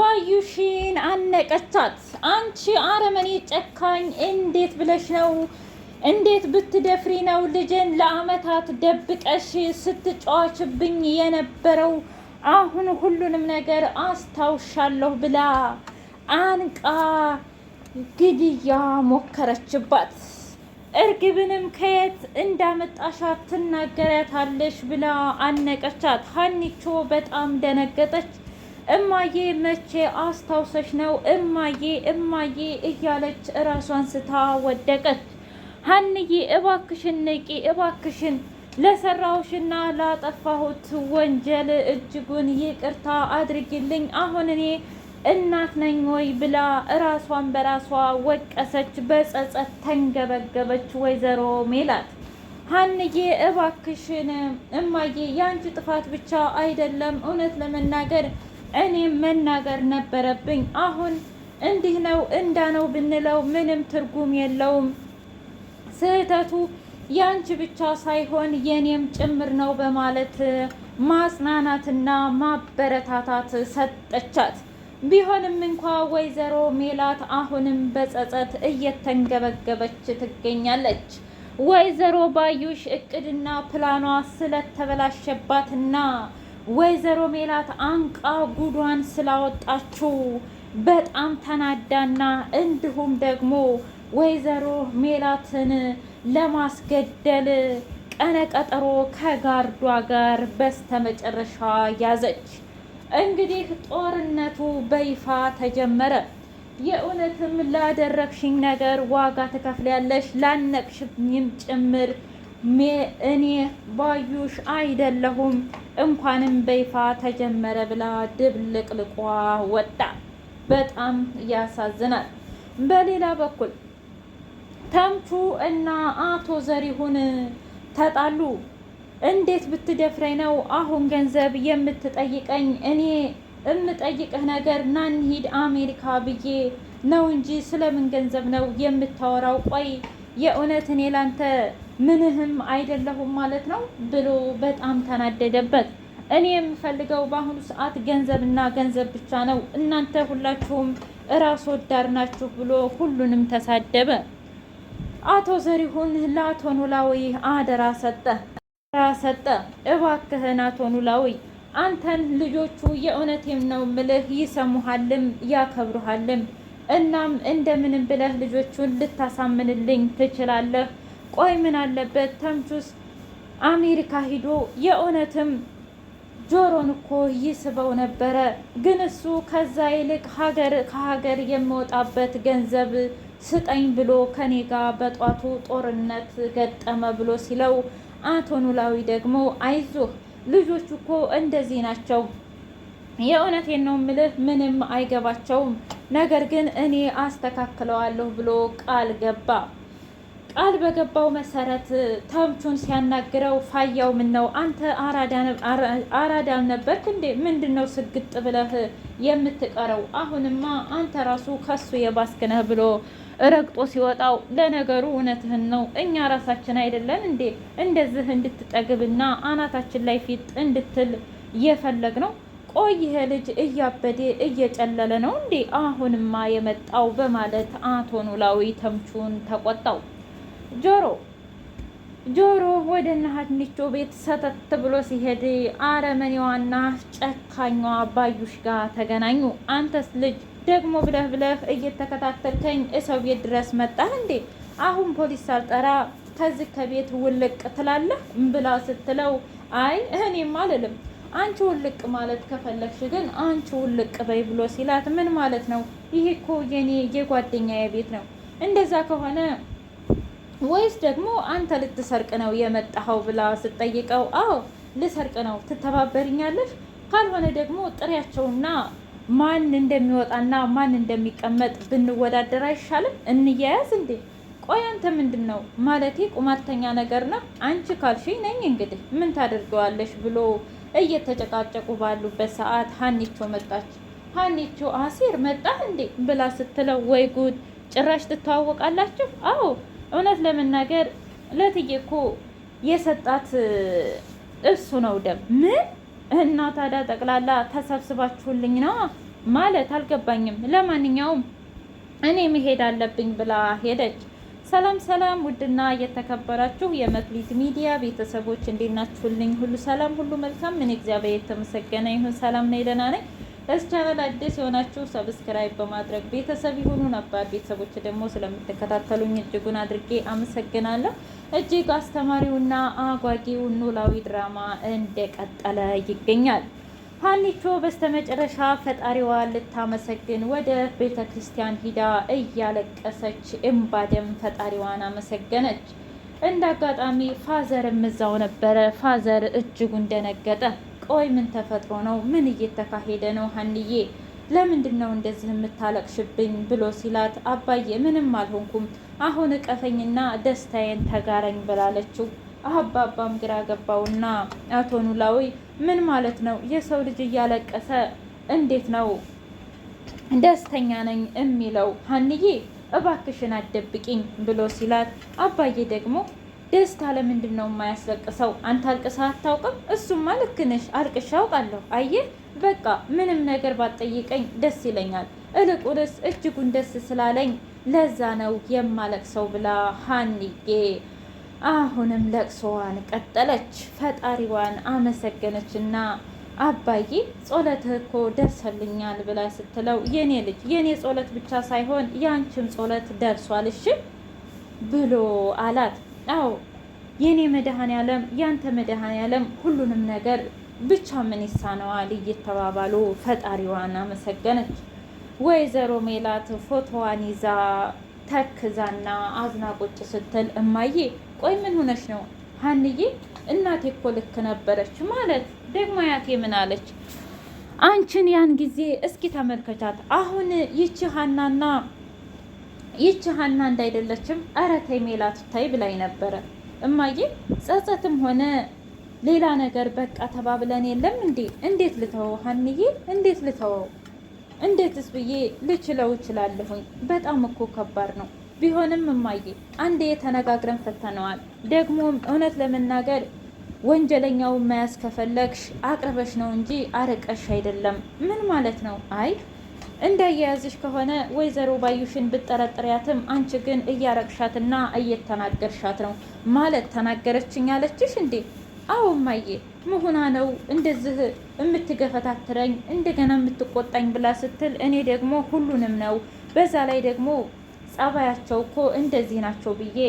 ባዩሽን አነቀቻት። አንቺ አረመኔ ጨካኝ፣ እንዴት ብለሽ ነው እንዴት ብትደፍሪ ነው ልጅን ለአመታት ደብቀሽ ስትጫዋችብኝ የነበረው? አሁን ሁሉንም ነገር አስታውሻለሁ ብላ አንቃ ግድያ ሞከረችባት። እርግብንም ከየት እንዳመጣሻት ትናገሪያታለሽ ብላ አነቀቻት። ሀኒቾ በጣም ደነገጠች። እማዬ መቼ አስታውሰሽ ነው እማዬ እማዬ እያለች እራሷን ስታ ወደቀች። ሀንዬ እባክሽን ንቂ፣ እባክሽን ለሰራሁሽና ላጠፋሁት ወንጀል እጅጉን ይቅርታ አድርጊልኝ። አሁን እኔ እናት ነኝ ወይ ብላ እራሷን በራሷ ወቀሰች። በጸጸት ተንገበገበች ወይዘሮ ሜላት። ሀንዬ እባክሽን እማዬ፣ ያንቺ ጥፋት ብቻ አይደለም እውነት ለመናገር እኔም መናገር ነበረብኝ። አሁን እንዲህ ነው እንዳ ነው ብንለው ምንም ትርጉም የለውም። ስህተቱ ያንቺ ብቻ ሳይሆን የኔም ጭምር ነው በማለት ማጽናናትና ማበረታታት ሰጠቻት። ቢሆንም እንኳ ወይዘሮ ሜላት አሁንም በጸጸት እየተንገበገበች ትገኛለች። ወይዘሮ ባዩሽ እቅድና ፕላኗ ስለተበላሸባትና ወይዘሮ ሜላት አንቃ ጉዷን ስላወጣችው በጣም ተናዳና እንዲሁም ደግሞ ወይዘሮ ሜላትን ለማስገደል ቀነቀጠሮ ከጋርዷ ጋር በስተመጨረሻ ያዘች። እንግዲህ ጦርነቱ በይፋ ተጀመረ። የእውነትም ላደረግሽኝ ነገር ዋጋ ትከፍያለሽ፣ ላነቅሽኝም ጭምር እኔ ባዩሽ አይደለሁም እንኳንም በይፋ ተጀመረ ብላ ድብልቅልቋ ወጣ። በጣም ያሳዝናል። በሌላ በኩል ተምቹ እና አቶ ዘሪሁን ተጣሉ። እንዴት ብትደፍረኝ ነው አሁን ገንዘብ የምትጠይቀኝ? እኔ እምጠይቅህ ነገር ናን አሜሪካ ብዬ ነው እንጂ ስለምን ገንዘብ ነው የምታወራው? ቆይ የእውነት እኔ ላንተ ምንህም አይደለሁም ማለት ነው ብሎ በጣም ተናደደበት። እኔ የምፈልገው በአሁኑ ሰዓት ገንዘብ እና ገንዘብ ብቻ ነው፣ እናንተ ሁላችሁም እራስ ወዳድ ናችሁ ብሎ ሁሉንም ተሳደበ። አቶ ዘሪሁን ለአቶ ኖላዊ አደራ ሰጠ አደራ ሰጠ። እባክህን አቶ ኖላዊ አንተን ልጆቹ የእውነቴም ነው ምልህ ይሰሙሃልም ያከብሩሃልም። እናም እንደምንም ብለህ ልጆቹን ልታሳምንልኝ ትችላለህ ቆይ ምን አለበት ተምቹስ አሜሪካ ሂዶ የእውነትም ጆሮን እኮ ይስበው ነበረ። ግን እሱ ከዛ ይልቅ ሀገር ከሀገር የሚወጣበት ገንዘብ ስጠኝ ብሎ ከኔ ጋር በጧቱ ጦርነት ገጠመ ብሎ ሲለው፣ አቶ ኖላዊ ደግሞ አይዞህ ልጆቹ እኮ እንደዚህ ናቸው፣ የእውነቴን ነው ምልህ፣ ምንም አይገባቸውም፣ ነገር ግን እኔ አስተካክለዋለሁ ብሎ ቃል ገባ። ቃል በገባው መሰረት ተምቹን ሲያናግረው ፋያው ምን ነው አንተ አራዳ አልነበርክ እንዴ? ምንድን ነው ስግጥ ብለህ የምትቀረው? አሁንማ አንተ ራሱ ከሱ የባስክ ብሎ ረግጦ ሲወጣው፣ ለነገሩ እውነትህን ነው እኛ ራሳችን አይደለን እንዴ እንደዚህ እንድትጠግብና አናታችን ላይ ፊት እንድትል የፈለግ ነው ቆይ ይሄ ልጅ እያበደ እየጨለለ ነው እንዴ አሁንማ የመጣው በማለት አቶ ኖላዊ ተምቹን ተቆጣው። ጆሮ ጆሮ ወደ እነ ሀኒቾ ቤት ሰተት ብሎ ሲሄድ አረመኔዋና ጨካኟ ባዩሽ ጋር ተገናኙ። አንተስ ልጅ ደግሞ ብለህ ብለህ እየተከታተልከኝ እሰው ቤት ድረስ መጣህ እንዴ? አሁን ፖሊስ ሳልጠራ ከዚህ ከቤት ውልቅ ትላለህ ብላ ስትለው፣ አይ እኔም አልልም። አንቺ ውልቅ ማለት ከፈለግሽ ግን አንቺ ውልቅ በይ ብሎ ሲላት፣ ምን ማለት ነው? ይሄ እኮ የኔ የጓደኛዬ ቤት ነው። እንደዛ ከሆነ ወይስ ደግሞ አንተ ልትሰርቅ ነው የመጣኸው ብላ ስትጠይቀው አዎ ልሰርቅ ነው ትተባበርኛለሽ? ካልሆነ ደግሞ ጥሪያቸውና ማን እንደሚወጣና ማን እንደሚቀመጥ ብንወዳደር አይሻልም? እንያያዝ እንዴ? ቆይ አንተ ምንድን ነው ማለቴ ቁማርተኛ ነገር ነው? አንቺ ካልሽኝ ነኝ እንግዲህ ምን ታደርገዋለሽ? ብሎ እየተጨቃጨቁ ባሉበት ሰዓት ሀኒቾ መጣች። ሀኒቾ አሲር መጣህ እንዴ ብላ ስትለው ወይ ጉድ ጭራሽ ትተዋወቃላችሁ? አዎ እውነት ለመናገር ለትዬ እኮ የሰጣት እሱ ነው ደም። ምን እና ታዲያ ጠቅላላ ተሰብስባችሁልኝ ነው ማለት አልገባኝም። ለማንኛውም እኔ መሄድ አለብኝ ብላ ሄደች። ሰላም ሰላም! ውድና እየተከበራችሁ የመክሊት ሚዲያ ቤተሰቦች እንዴት ናችሁልኝ? ሁሉ ሰላም፣ ሁሉ መልካም። ምን እግዚአብሔር የተመሰገነ ይሁን። ሰላም ነኝ፣ ደህና ነኝ። ለቻናል አዲስ የሆናችሁ ሰብስክራይብ በማድረግ ቤተሰብ ይሁኑ። ነባር ቤተሰቦች ደግሞ ስለምትከታተሉኝ እጅጉን አድርጌ አመሰግናለሁ። እጅግ አስተማሪውና አጓጊው ኖላዊ ድራማ እንደቀጠለ ይገኛል። ሀኒቾ በስተመጨረሻ ፈጣሪዋ ልታመሰግን ወደ ቤተ ክርስቲያን ሂዳ እያለቀሰች እምባደም ፈጣሪዋን አመሰገነች። እንደ አጋጣሚ ፋዘርም እዛው ነበረ። ፋዘር እጅጉን ደነገጠ። ቆይ ምን ተፈጥሮ ነው? ምን እየተካሄደ ነው? ሀንዬ ለምንድን ነው እንደዚህ የምታለቅሽብኝ? ብሎ ሲላት አባዬ ምንም አልሆንኩም፣ አሁን እቀፈኝና ደስታዬን ተጋረኝ ብላለችው። አባባም ግራ ገባውና አቶ ኖላዊ ምን ማለት ነው? የሰው ልጅ እያለቀሰ እንዴት ነው ደስተኛ ነኝ የሚለው? ሀንዬ እባክሽን አደብቂኝ ብሎ ሲላት አባዬ ደግሞ ደስታ ለምንድን ነው የማያስለቅሰው? አንተ አልቅሳ አታውቅም? እሱማ ልክ ነሽ፣ አልቅሻ አውቃለሁ። አየህ በቃ ምንም ነገር ባትጠይቀኝ ደስ ይለኛል። እልቁንስ እጅጉን ደስ ስላለኝ ለዛ ነው የማለቅሰው ብላ ሀንዬ አሁንም ለቅሶዋን ቀጠለች። ፈጣሪዋን አመሰገነች አባዬ ጾለት እኮ ደርሰልኛል ብላ ስትለው የኔ ልጅ የኔ ጾለት ብቻ ሳይሆን ያንቺም ጾለት ደርሷል እሺ ብሎ አላት። አዎ የእኔ መድኃኔ ዓለም ያንተ መድኃኔ ዓለም ሁሉንም ነገር ብቻ ምን ይሳነዋል እየተባባሉ ፈጣሪዋን አመሰገነች። ወይዘሮ ሜላት ፎቶዋን ይዛ ተክዛና አዝና ቁጭ ስትል እማዬ ቆይ ምን ሆነች ነው ሀንዬ እናቴ እኮ ልክ ነበረች ማለት ደግሞ ያቴ ምን አለች አንቺን ያን ጊዜ እስኪ ተመልከቻት አሁን ይቺ ሀናና ይቺ ሀና እንዳይደለችም ኧረ ተይ ሜላት ታይ ብላኝ ነበረ እማዬ። ጸጸትም ሆነ ሌላ ነገር በቃ ተባብለን የለም እንዴ? እንዴት ልተወው ሀንዬ፣ እንዴት ልተወው እንዴትስ ብዬ ልችለው እችላለሁኝ? በጣም እኮ ከባድ ነው። ቢሆንም እማዬ አንዴ ተነጋግረን ፈተነዋል። ደግሞም እውነት ለመናገር ወንጀለኛውን መያዝ ከፈለግሽ አቅርበሽ ነው እንጂ አርቀሽ አይደለም። ምን ማለት ነው? አይ እንዳያያዝሽ ከሆነ ወይዘሮ ባዩሽን ብጠረጥሪያትም አንቺ ግን እያረግሻትና እየተናገርሻት ነው ማለት ተናገረችኝ አለችሽ እንዴ? አዎ እማዬ መሆና ነው እንደዚህ የምትገፈታትረኝ እንደገና የምትቆጣኝ ብላ ስትል እኔ ደግሞ ሁሉንም ነው በዛ ላይ ደግሞ ጸባያቸው እኮ እንደዚህ ናቸው ብዬ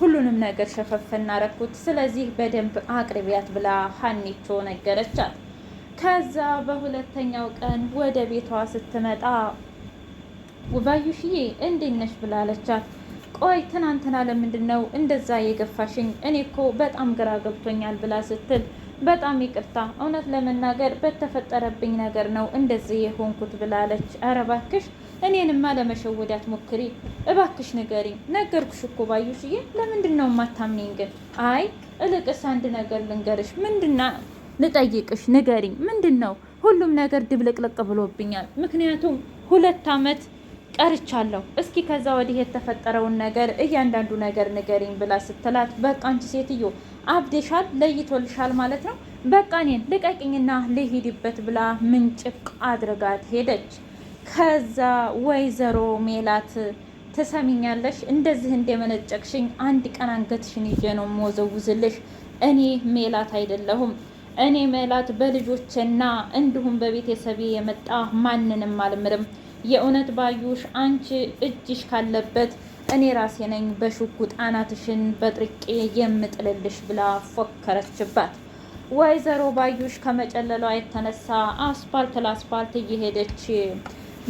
ሁሉንም ነገር ሸፈፈና ረኩት። ስለዚህ በደንብ አቅርቢያት ብላ ሀኒቾ ነገረቻት። ከዛ በሁለተኛው ቀን ወደ ቤቷ ስትመጣ ባዩሽዬ እንዴት ነሽ ብላለቻት። ቆይ ትናንትና ለምንድን ነው እንደዛ የገፋሽኝ? እኔ እኮ በጣም ግራ ገብቶኛል ብላ ስትል በጣም ይቅርታ እውነት ለመናገር በተፈጠረብኝ ነገር ነው እንደዚህ የሆንኩት ብላለች። ኧረ እባክሽ እኔንማ ለመሸወድ አትሞክሪ እባክሽ ንገሪኝ። ነገርኩሽ እኮ ባዩሽዬ፣ ለምንድን ነው የማታምኚኝ? ግን አይ እልቅስ አንድ ነገር ልንገርሽ ምንድና ልጠይቅሽ ንገሪኝ። ምንድን ነው ሁሉም ነገር ድብልቅልቅ ብሎብኛል። ምክንያቱም ሁለት ዓመት ቀርቻለሁ። እስኪ ከዛ ወዲህ የተፈጠረውን ነገር እያንዳንዱ ነገር ንገሪኝ ብላ ስትላት፣ በቃ አንቺ ሴትዮ አብዴሻል፣ ለይቶልሻል ማለት ነው። በቃ እኔን ልቀቅኝና ልሂድበት ብላ ምንጭቅ አድርጋት ሄደች። ከዛ ወይዘሮ ሜላት ትሰሚኛለሽ፣ እንደዚህ እንደመነጨቅሽኝ አንድ ቀን አንገትሽን ይዤ ነው የምወዘውዝልሽ። እኔ ሜላት አይደለሁም እኔ መላት በልጆችና እንዲሁም በቤተሰቤ የመጣ ማንንም አልምርም። የእውነት ባዩሽ አንቺ እጅሽ ካለበት እኔ ራሴ ነኝ በሽጉጥ አናትሽን በጥርቄ የምጥልልሽ ብላ ፎከረችባት። ወይዘሮ ባዩሽ ከመጨለሏ የተነሳ አስፓልት ለአስፓልት እየሄደች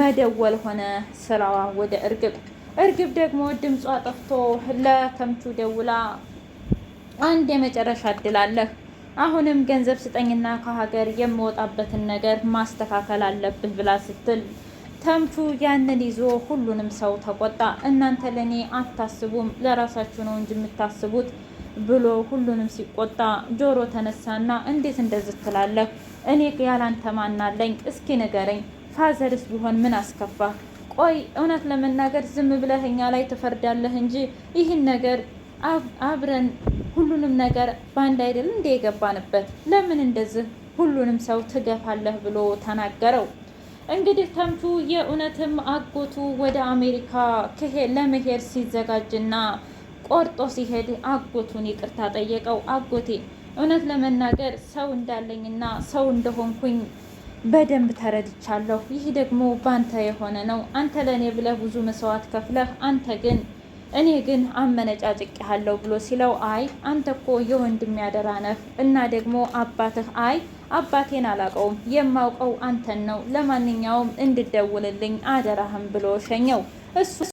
መደወል ሆነ ስራዋ ወደ እርግብ። እርግብ ደግሞ ድምጿ ጠፍቶ ለተምቹ ደውላ አንድ የመጨረሻ እድል አለህ አሁንም ገንዘብ ስጠኝና ከሀገር የምወጣበትን ነገር ማስተካከል አለብህ ብላ ስትል ተምቹ ያንን ይዞ ሁሉንም ሰው ተቆጣ። እናንተ ለእኔ አታስቡም ለራሳችሁ ነው እንጂ የምታስቡት ብሎ ሁሉንም ሲቆጣ ጆሮ ተነሳና እንዴት እንደዚህ ትላለህ? እኔ ያላንተ ማናለኝ? እስኪ ንገረኝ። ፋዘርስ ቢሆን ምን አስከፋ ቆይ እውነት ለመናገር ዝም ብለህ እኛ ላይ ትፈርዳለህ እንጂ ይህን ነገር አብረን ሁሉንም ነገር በአንድ አይደል እንደ የገባንበት ለምን እንደዚህ ሁሉንም ሰው ትገፋለህ ብሎ ተናገረው። እንግዲህ ተምቹ የእውነትም አጎቱ ወደ አሜሪካ ለመሄድ ሲዘጋጅና ቆርጦ ሲሄድ አጎቱን ይቅርታ ጠየቀው። አጎቴ እውነት ለመናገር ሰው እንዳለኝና ሰው እንደሆንኩኝ በደንብ ተረድቻለሁ። ይህ ደግሞ ባንተ የሆነ ነው። አንተ ለእኔ ብለህ ብዙ መስዋዕት ከፍለህ አንተ ግን እኔ ግን አመነጫጭቄሃለሁ ብሎ ሲለው አይ አንተ እኮ የወንድም ያደራ ነህ እና ደግሞ አባትህ አይ አባቴን አላውቀውም የማውቀው አንተን ነው ለማንኛውም እንድደውልልኝ አደራህም ብሎ ሸኘው እሱ